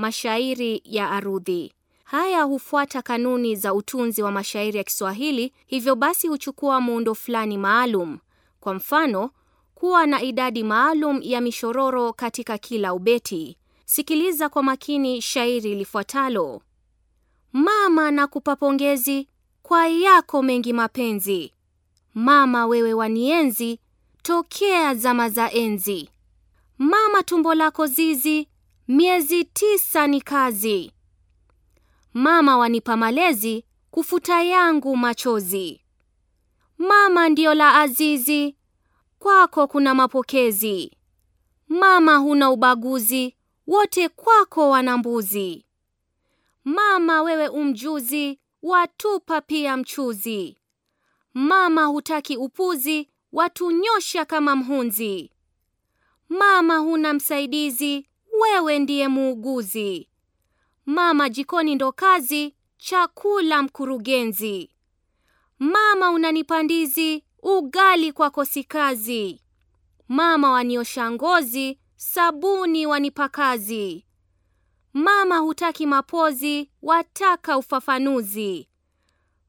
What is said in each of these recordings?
mashairi ya arudhi. Haya hufuata kanuni za utunzi wa mashairi ya Kiswahili, hivyo basi huchukua muundo fulani maalum. Kwa mfano, kuwa na idadi maalum ya mishororo katika kila ubeti. Sikiliza kwa makini shairi lifuatalo: mama nakupa pongezi kwa yako mengi mapenzi, mama wewe wanienzi tokea zama za enzi, mama tumbo lako zizi Miezi tisa ni kazi. Mama wanipa malezi kufuta yangu machozi. Mama ndio la azizi, kwako kuna mapokezi. Mama huna ubaguzi, wote kwako wana mbuzi. Mama wewe umjuzi, watupa pia mchuzi. Mama hutaki upuzi, watunyosha kama mhunzi. Mama huna msaidizi, wewe ndiye muuguzi. Mama jikoni ndo kazi, chakula mkurugenzi. Mama unanipa ndizi, ugali kwako si kazi. Mama waniosha ngozi, sabuni wanipa kazi. Mama hutaki mapozi, wataka ufafanuzi.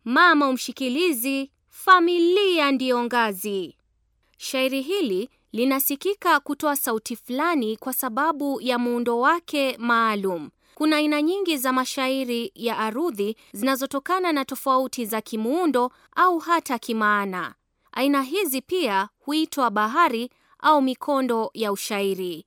Mama umshikilizi, familia ndiyo ngazi. Shairi hili linasikika kutoa sauti fulani kwa sababu ya muundo wake maalum. Kuna aina nyingi za mashairi ya arudhi zinazotokana na tofauti za kimuundo au hata kimaana. Aina hizi pia huitwa bahari au mikondo ya ushairi.